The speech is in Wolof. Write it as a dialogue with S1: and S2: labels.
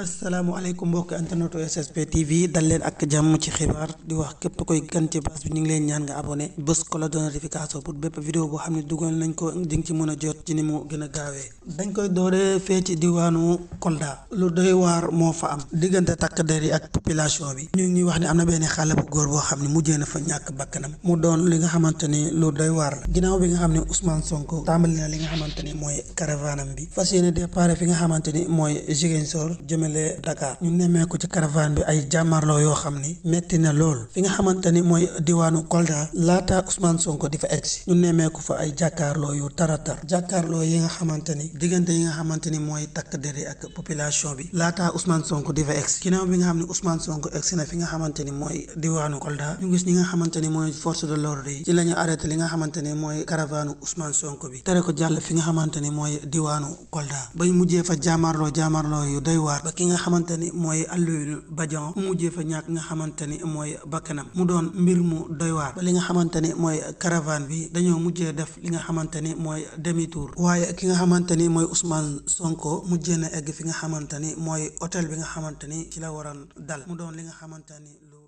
S1: asalaamaaleykum mbokki internetu SSP TV dal leen ak jàmm ci xibaar di wax képp koy gan ci bas bi ñu ngi leen ñaan nga abonné bés ko de notification pour bépp vidéo boo xam ne dugal nañ ko di nga ci mën a jot ci ni mu gën a gaawee. dañ koy dooree fee ci diwaanu Kolda lu doy waar moo fa am diggante takk der yi ak population bi ñu ngi wax ne am na benn xale bu góor boo xam ne mujjee na fa ñàkk bakkanam mu doon li nga xamante ni lu doy waar la ginnaaw nga xam ne Ousmane Sonko tàmbali na li nga xamante ni mooy caravanam bi fas yéene départ fi nga xamante ni mooy Ziguinchor jëm jëmale Dakar ñu nemmeeku ci caravane bi ay jàmmarloo yoo xam ni metti na lool fi nga xamante ni mooy diwaanu Kolda laata Ousmane Sonko di fa egsi ñu nemmeeku fa ay jàkkaarloo yu taratar jàkkaarloo yi nga xamante ni diggante yi nga xamante ni mooy takk deri ak population bi laata Ousmane Sonko di fa egsi ginnaaw bi nga xam ne Ousmane Sonko egsi na fi nga xamante ni mooy diwaanu Kolda ñu gis ñi nga ni mooy force de l'ordre yi li nga xamante ni mooy caravane Ousmane Sonko bi tere ko jàll fi nga xamante ni mooy diwaanu Kolda mujjee fa jàmmarloo jàmmarloo yu doy waar fa ki nga xamante ni mooy Alioune Badian mu mujjee fa ñàkk nga xamante ni mooy bakkanam mu doon mbir mu doy waar ba li nga xamante ni mooy caravane bi dañoo mujjee def li nga xamante ni mooy demi tour waaye ki nga xamante ni mooy Ousmane Sonko mujjee na egg fi nga xamante ni mooy hôtel bi nga xamante ni ci la waroon dal mu doon li nga xamante lu